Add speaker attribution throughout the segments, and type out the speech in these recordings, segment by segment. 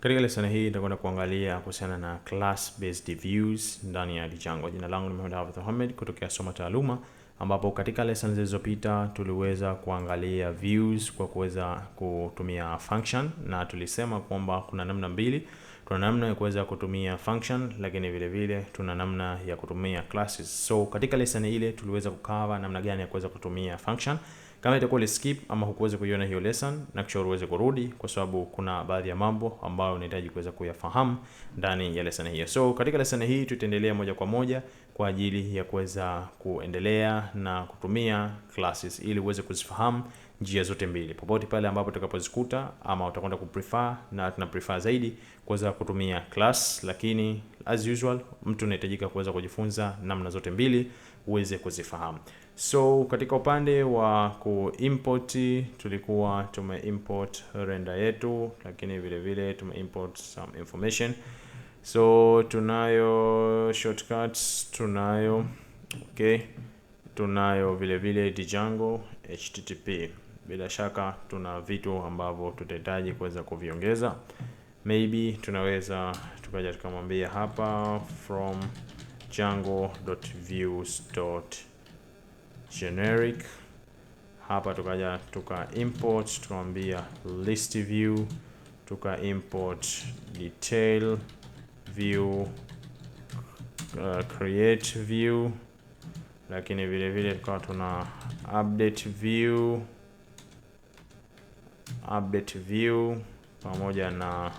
Speaker 1: Katika lesson hii nitakwenda kuangalia kuhusiana na class based views ndani ya Django. Jina langu ni Mohamed Hafidh Mohamed kutokea Soma Taaluma, ambapo katika lesson zilizopita tuliweza kuangalia views kwa kuweza kutumia function, na tulisema kwamba kuna namna mbili. Tuna namna ya kuweza kutumia function, lakini vile vile tuna namna ya kutumia classes. So katika lesson ile tuliweza kukava namna gani ya kuweza kutumia function kama itakuwa skip ama hukuweza kuiona hiyo lesson, na kisha uweze kurudi, kwa sababu kuna baadhi ya mambo ambayo unahitaji kuweza kuyafahamu ndani ya lesson hiyo. So katika lesson hii tutaendelea moja kwa moja kwa ajili ya kuweza kuendelea na kutumia classes ili uweze kuzifahamu njia zote mbili popote pale ambapo utakapozikuta, ama utakwenda kuprefer, na tuna prefer zaidi kuweza kutumia class, lakini as usual mtu anahitajika kuweza kujifunza namna zote mbili uweze kuzifahamu. So katika upande wa kuimport tulikuwa tumeimport render yetu, lakini vile vile tumeimport some information. So tunayo shortcuts, tunayo okay, tunayo vile vile Django HTTP. Bila shaka tuna vitu ambavyo tutahitaji kuweza kuviongeza, maybe tunaweza tukaja tukamwambia hapa from django.views generic hapa, tukaja tuka import, tukamwambia list view, tuka import detail view, uh, create view, lakini vile vile tukawa tuna update view, update view pamoja na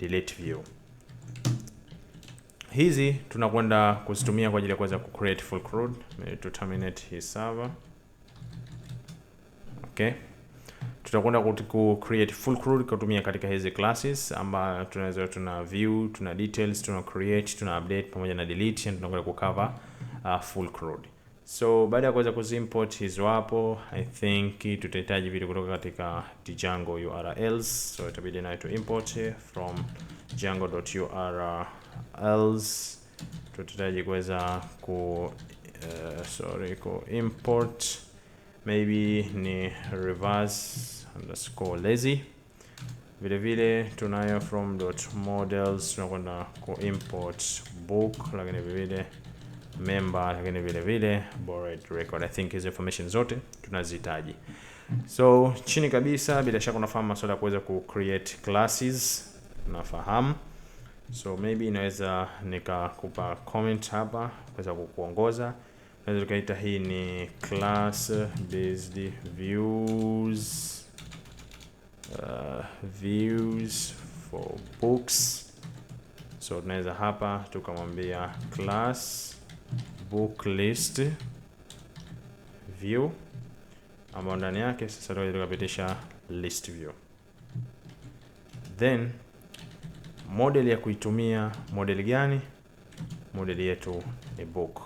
Speaker 1: delete view hizi tunakwenda kuzitumia kwa ajili ya kuweza kucreate full CRUD eh, to terminate hii server. Okay, tutakwenda ku create full CRUD kutumia katika hizi classes ambayo tunaweza tuna view, tuna details, tuna create, tuna update pamoja na delete, and tunakwenda kucover uh, full CRUD. So baada ya kuweza kuzimport hizo hapo, I think tutahitaji vitu kutoka katika Django urls, so itabidi nayo to import from django.url else tutahitaji kuweza ku uh, sorry ku import maybe ni reverse underscore lazy vile vile tunayo from dot models tunakwenda ku import book lakini vile vile member lakini vile vile borrowed record i think is information zote tunazihitaji so chini kabisa bila shaka unafahamu masuala ya kuweza ku create classes nafahamu So maybe inaweza nikakupa comment hapa kuweza kukuongoza. Naweza tukaita hii ni class based views uh, views for books. So tunaweza hapa tukamwambia class book list view ambayo ndani yake sasa tukapitisha list view then model ya kuitumia model gani? Model yetu ni book,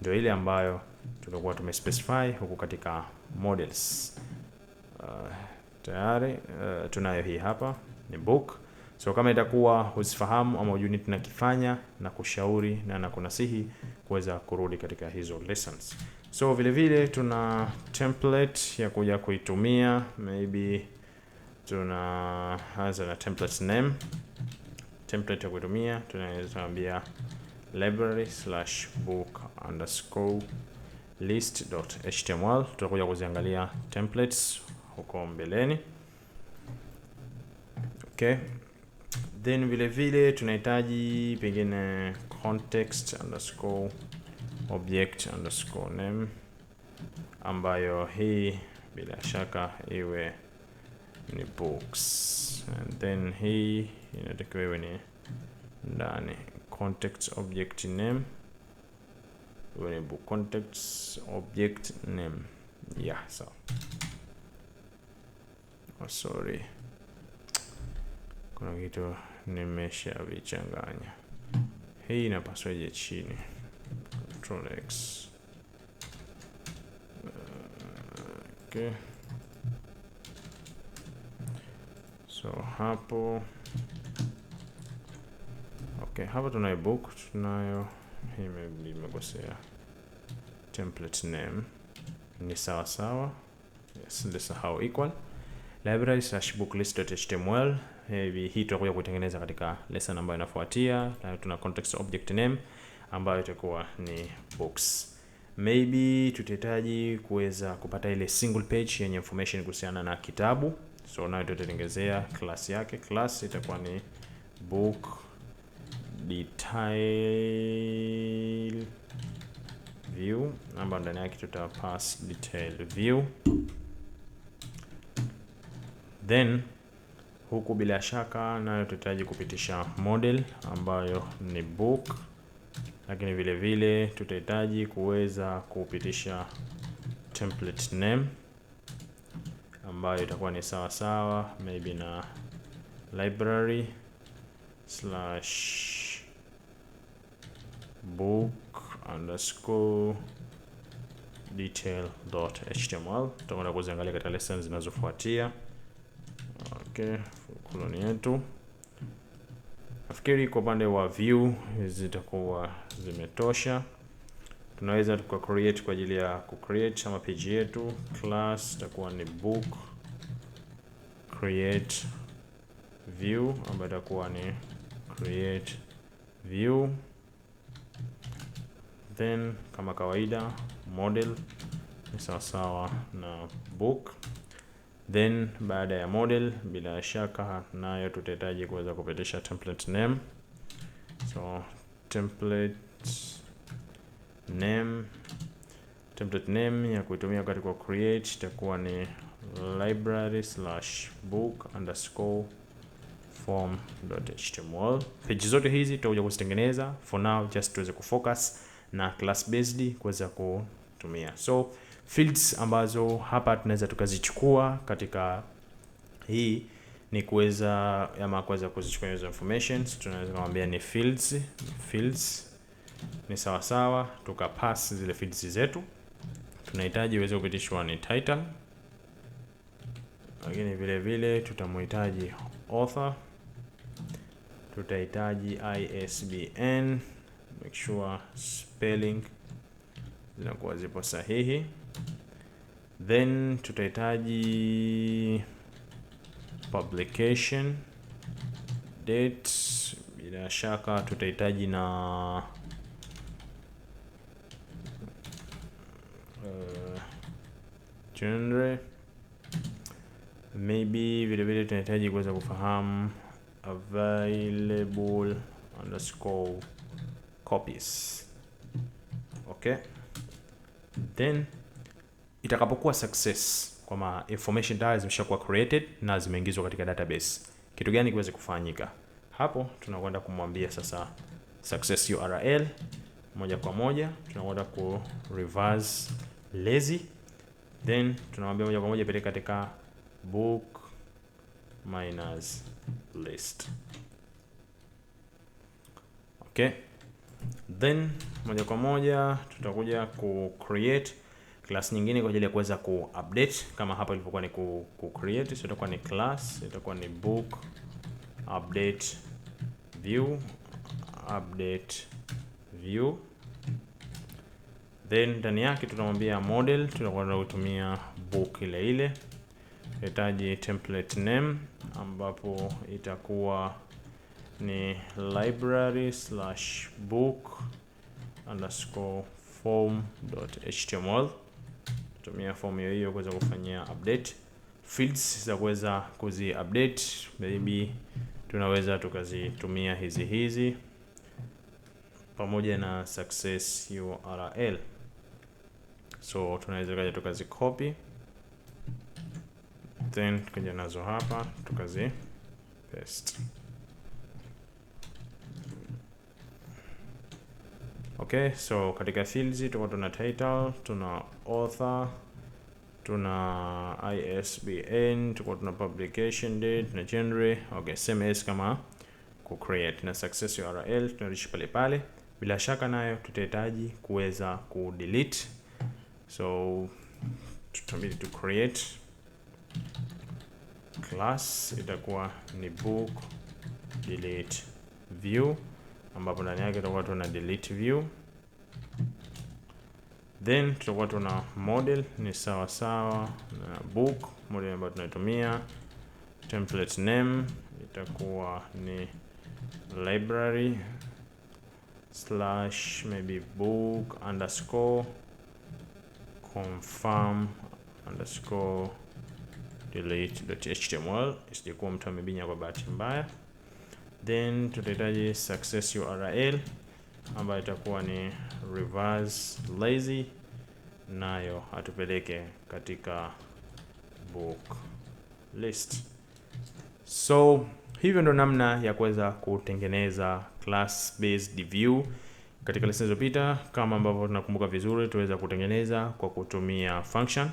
Speaker 1: ndio ile ambayo tulikuwa tumespecify huku katika models. Uh, tayari uh, tunayo hii hapa ni book. So kama itakuwa huzifahamu ama hujui tunakifanya, na kushauri na na kunasihi kuweza kurudi katika hizo lessons. So vile vile tuna template ya kuja kuitumia, maybe tuna anza na template name template ya kutumia tunaambia library slash book underscore html. Tutakuja kuziangalia templates huko mbeleni. Okay, then vile vile tunahitaji pengine context underscore object underscore name ambayo hii bila shaka iwe ni books and then hii inatakiwa iwe ni ndani context object name iwe ni book context object name yeah so. oh, sorry kuna kitu nimeshavichanganya hii inapaswa ije chini control x uh, okay so hapo okay, hapa tunayo book, tunayo hii imekosea template name ni sawa sawa, Yes, this is how equal library slash book Hivi Hii tutakuja kutengeneza katika lesson ambayo inafuatia, na tuna context object name ambayo itakuwa ni books. Maybe tutahitaji kuweza kupata ile single page yenye information kuhusiana na kitabu so nayo tutatengenezea class yake. Class itakuwa ni book detail view, namba ndani yake tuta pass detail view, then huku bila shaka nayo tutahitaji kupitisha model ambayo ni book, lakini vile vile tutahitaji kuweza kupitisha template name ambayo itakuwa ni sawa sawa maybe na library slash book underscore detail.html. Tutakwenda kuziangalia katika lesson zinazofuatia. Okay, koloni yetu nafikiri kwa upande wa view zitakuwa zimetosha tunaweza tuka create kwa ajili ya ku create ama page yetu. Class itakuwa ni book create view, ambayo itakuwa ni create view, then kama kawaida model ni sawasawa na book then baada ya model, bila shaka nayo tutahitaji kuweza kupitisha template name, so template name template name ya kuitumia kwa create itakuwa ni library slash book underscore form html. Page zote hizi tutakuja kuzitengeneza, for now just tuweze kufocus na class based kuweza kutumia. So fields ambazo hapa tunaweza tukazichukua katika hii ni kuweza ama kuweza kuzichukua hizo information, tunaweza kumwambia ni fields fields ni sawasawa, tukapass zile feeds zetu. Tunahitaji iweze kupitishwa ni title, lakini vile vile tutamhitaji author, tutahitaji ISBN, make sure spelling zinakuwa zipo sahihi, then tutahitaji publication date, bila shaka tutahitaji na uh, eh, genre. Maybe vile vile tunahitaji kuweza kufahamu available underscore copies. Okay, then itakapokuwa success kwamba information tayari zimeshakuwa created na zimeingizwa katika database, kitu gani kiweze kufanyika hapo? Tunakwenda kumwambia sasa success url moja kwa moja tunakwenda ku reverse lazy, then tunamwambia moja kwa moja peleka katika book minus list. Okay, then moja kwa moja tutakuja ku create class nyingine kwa ajili ya kuweza ku update kama hapa ilivyokuwa ni ku, ku create. So itakuwa ni class, itakuwa ni book update view update view then ndani yake tunamwambia model, tunakwenda kutumia book ile ile, hitaji template name ambapo itakuwa ni library slash book underscore form dot html. Tumia form hiyo hiyo kuweza kufanyia update fields za kuweza kuzi update, maybe tunaweza tukazitumia hizi hizi pamoja na success url so tunaweza kaja copy then tukaja nazo hapa tukazi paste. Okay, so katika fields tuko tuna title, tuna author, tuna ISBN, tuko tuna publication date na genre. Okay, same as kama ku create na success URL tunarishi pale pale. Bila shaka nayo tutahitaji kuweza ku delete so tutabidi to create class itakuwa ni book delete view, ambapo ndani yake tutakuwa tuna delete view, then tutakuwa tuna model ni sawa sawa na book model ambayo tunaitumia. Template name itakuwa ni library slash maybe book underscore confirm underscore delete.html isijekuwa mtu amebinya kwa bahati mbaya, then tutahitaji success url ambayo itakuwa ni reverse lazy, nayo atupeleke katika book list. So hivyo ndo namna ya kuweza kutengeneza class based view. Katika lesson zilizopita kama ambavyo tunakumbuka vizuri, tuweza kutengeneza kwa kutumia function.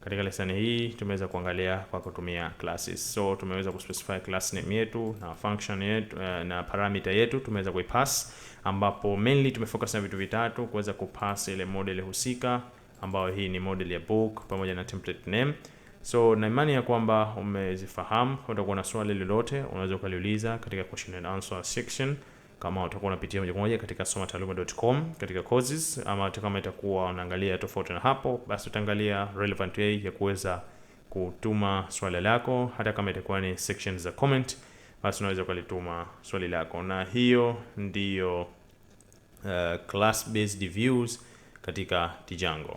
Speaker 1: Katika lesson hii tumeweza kuangalia kwa kutumia classes. So tumeweza kuspecify class name yetu na function yetu eh, na parameter yetu tumeweza kuipass, ambapo mainly tumefocus na vitu vitatu, kuweza kupass ile model husika ambayo hii ni model ya book pamoja na template name. So na imani ya kwamba umezifahamu. Utakuwa na swali lolote unaweza ukaliuliza katika question and answer section kama utakuwa unapitia moja kwa moja katika somataaluma.com katika courses, ama hata kama itakuwa unaangalia tofauti na hapo, basi utaangalia relevant way ya kuweza kutuma swali lako, hata kama itakuwa ni section za comment, basi unaweza ukalituma swali lako, na hiyo ndiyo uh, class based views katika Django.